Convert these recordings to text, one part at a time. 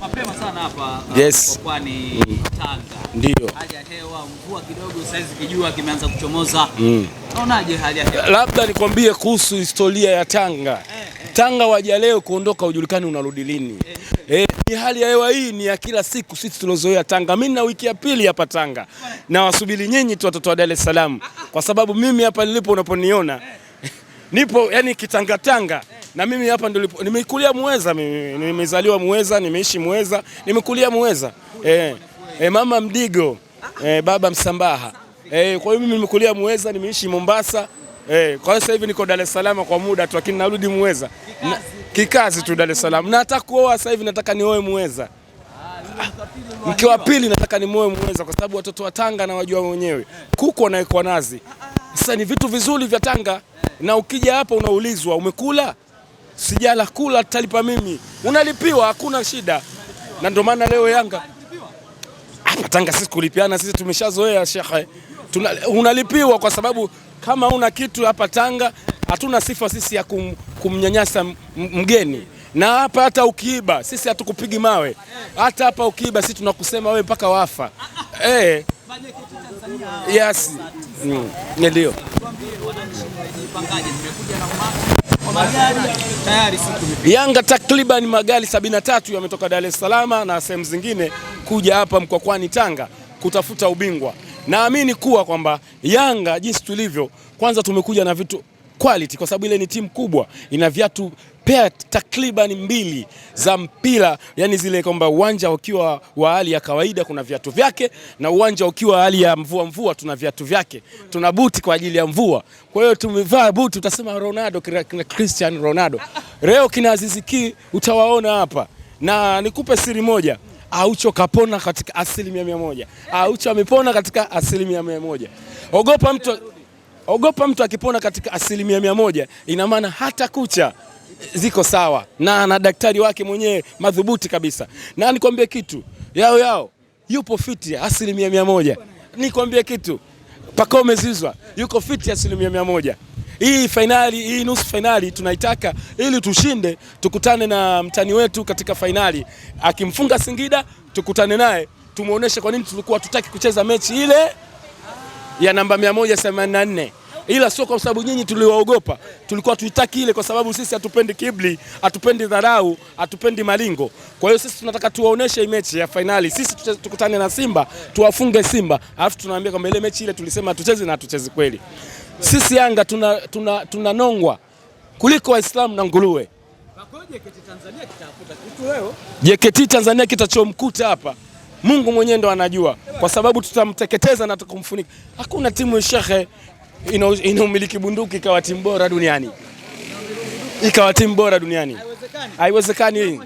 mapema sana hapa. Uh, yes. Kwa mm. Tanga. Ndio. Hali ya hewa mvua kidogo kijua kimeanza kuchomoza. Mm. Unaonaje hali ya hewa? Labda nikwambie kuhusu historia ya Tanga. Eh, eh. Tanga waja leo kuondoka ujulikani unarudi lini. Eh, eh, eh. Ni hali ya hewa hii ni ya kila siku sisi tulozoea Tanga. Mimi na wiki ya pili hapa Tanga. Eh. Na wasubiri nyinyi tu watoto wa Dar es Salaam. Ah, ah. Kwa sababu mimi hapa nilipo unaponiona eh nipo yani kitangatanga na mimi hapa ndio nimekulia Muheza, mimi nimezaliwa Muheza, nimeishi Muheza, nimekulia Muheza eh, eh, mama Mdigo eh, baba Msambaha eh, kwa hiyo mimi nimekulia Muheza, nimeishi Mombasa eh, kwa hiyo sasa hivi niko Dar es Salaam kwa muda tu, lakini narudi Muheza kikazi tu Dar es Salaam. Nataka kuoa sasa hivi, nataka nioe Muheza mke wa pili nataka nimoe Muheza kwa sababu watoto wa Tanga na wajua wenyewe, kuku wanaekwa nazi. Sasa ni vitu vizuri vya Tanga na ukija hapa unaulizwa umekula? Sijala, kula talipa mimi, unalipiwa, hakuna shida. Na ndio maana leo Yanga hapa Tanga sisi kulipiana, sisi tumeshazoea shekhe, unalipiwa kwa sababu kama una kitu hapa Tanga hatuna sifa sisi ya kum, kumnyanyasa mgeni na hapa hata ukiiba sisi hatukupigi mawe. Hata hapa ukiiba sisi tunakusema wewe mpaka wafa. Eh, yes, mm, ndio. Yanga takriban magari 73 yametoka Dar es Salaam na sehemu zingine kuja hapa Mkwakwani Tanga kutafuta ubingwa. Naamini kuwa kwamba Yanga jinsi tulivyo, kwanza tumekuja na vitu quality, kwa sababu ile ni timu kubwa, ina viatu pea takriban mbili za mpira, yani zile kwamba uwanja ukiwa wa hali ya kawaida kuna viatu vyake, na uwanja ukiwa hali ya mvua mvua tuna viatu vyake, tuna buti kwa ajili ya mvua. Kwa hiyo tumevaa buti, utasema Ronaldo kina Cristiano Ronaldo leo kina Aziziki utawaona hapa, na nikupe siri moja Aucho kapona katika asilimia mia moja. Aucho amepona katika asilimia mia moja. Ogopa mtu Ogopa mtu akipona katika asilimia mia moja, ina maana hata kucha ziko sawa na na daktari wake mwenyewe madhubuti kabisa. Na nikwambie kitu, yao yao yupo fiti asilimia mia moja. Nikwambie kitu, Pacome Zouzoua yuko fiti asilimia mia moja. Hii fainali hii nusu fainali tunaitaka ili tushinde, tukutane na mtani wetu katika fainali. Akimfunga Singida tukutane naye tumuoneshe kwa nini tulikuwa tutaki kucheza mechi ile ya namba 184 ila sio kwa sababu nyinyi tuliwaogopa, tulikuwa tuitaki ile, kwa sababu sisi hatupendi kibli, hatupendi dharau, hatupendi malingo. Kwa hiyo sisi tunataka tuwaoneshe mechi ya fainali, sisi tukutane na Simba tuwafunge Simba, alafu tunaambia kwamba ile mechi ile tulisema hatuchezi na hatuchezi kweli. Sisi Yanga tunanongwa tuna, tuna kuliko Waislamu na nguruwe. JKT Tanzania kitachomkuta hapa Mungu mwenyewe ndo anajua, kwa sababu tutamteketeza na tukumfunika. Hakuna timu ya shekhe inaumiliki bunduki ikawa timu bora duniani, ikawa timu bora duniani. Haiwezekani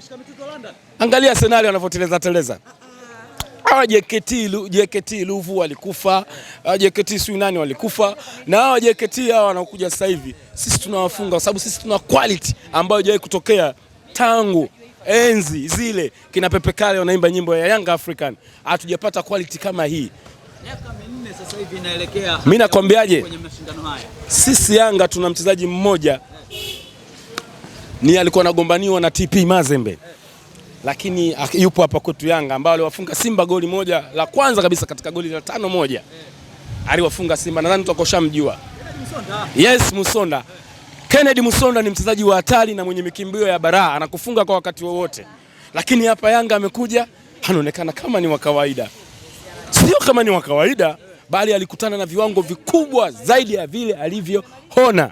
Angalia senario wanavyoteleza teleza. Hawa JKT JKT Luvu walikufa, JKT si nani walikufa, na hawa JKT hawa wanakuja sasa hivi sisi tunawafunga, kwa sababu sisi tuna quality ambayo haijawahi kutokea tangu enzi zile kina Pepe Kale wanaimba nyimbo ya Young African, hatujapata quality kama hii. Miaka minne sasa hivi inaelekea. Mimi nakwambiaje, sisi Yanga tuna mchezaji mmoja ni alikuwa anagombaniwa na TP Mazembe lakini yupo hapa kwetu Yanga ambao aliwafunga Simba goli moja la kwanza kabisa katika goli la tano moja aliwafunga Simba, nadhani tutakoshamjua. Yes, Musonda. Kennedy Musonda ni mchezaji wa hatari na mwenye mikimbio ya baraa, anakufunga kwa wakati wowote, lakini hapa Yanga amekuja anaonekana kama ni wa kawaida. Sio kama ni wa kawaida, bali alikutana na viwango vikubwa zaidi ya vile alivyoona.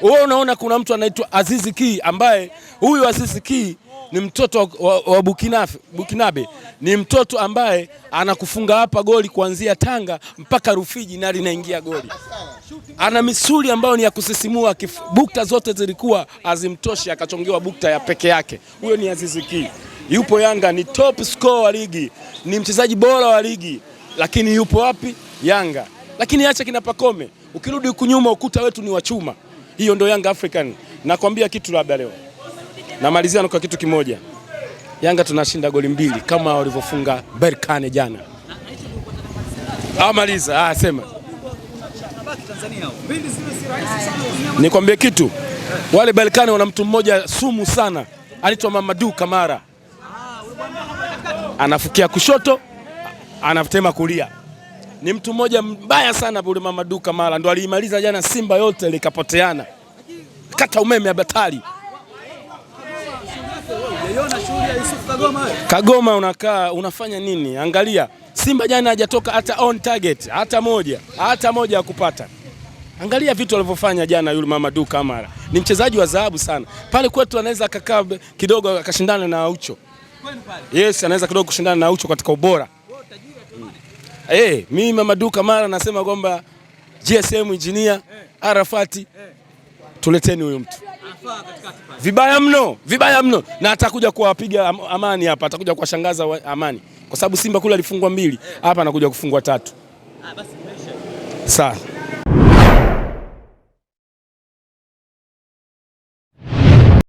Wewe unaona kuna mtu anaitwa Azizi Ki ambaye huyu Azizi Ki ni mtoto wa, wa Bukinafe, Bukinabe ni mtoto ambaye anakufunga hapa goli kuanzia Tanga mpaka Rufiji na linaingia goli ana misuli ambayo ni ya kusisimua. Bukta zote zilikuwa hazimtoshi, akachongewa bukta ya peke yake. Huyo ni Aziziki, yupo Yanga, ni top score wa ligi, ni mchezaji bora wa ligi, lakini yupo wapi? Yanga. Lakini acha kina Pakome, ukirudi huku nyuma, ukuta wetu ni wachuma Hiyo ndo Yanga African. Nakwambia kitu labda leo namalizia kwa kitu kimoja, Yanga tunashinda goli mbili kama walivyofunga Berkane jana. Amaliza, ah, sema Nikwambie kitu, wale Balkani wana mtu mmoja sumu sana, anaitwa Mamadou Kamara, anafukia kushoto, anatema kulia. Ni mtu mmoja mbaya sana yule Mamadou Kamara, ndo aliimaliza jana Simba yote likapoteana, kata umeme ya batari Kagoma unakaa unafanya nini? Angalia Simba jana hajatoka hata on target hata moja hata moja ya kupata. Angalia vitu alivyofanya jana yule Mamadou Kamara. Ni mchezaji wa dhahabu sana. Pale kwetu anaweza akakaa kidogo akashindana na Aucho. Yes, anaweza kidogo kushindana na Aucho katika ubora. Mm. Hey, eh, mimi Mamadou Kamara nasema kwamba GSM engineer eh. Arafati eh. tuleteni huyu mtu. Vibaya mno, vibaya mno na atakuja kuwapiga amani hapa, atakuja kuwashangaza amani. Kwa sababu Simba kule alifungwa mbili, hapa anakuja kufungwa tatu. Ah, basi Sawa.